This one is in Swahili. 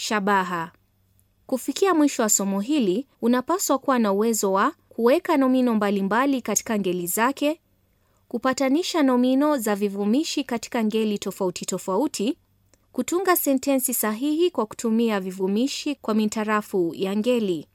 Shabaha. Kufikia mwisho wa somo hili, unapaswa kuwa na uwezo wa kuweka nomino mbalimbali katika ngeli zake, kupatanisha nomino za vivumishi katika ngeli tofauti tofauti, kutunga sentensi sahihi kwa kutumia vivumishi kwa mintarafu ya ngeli.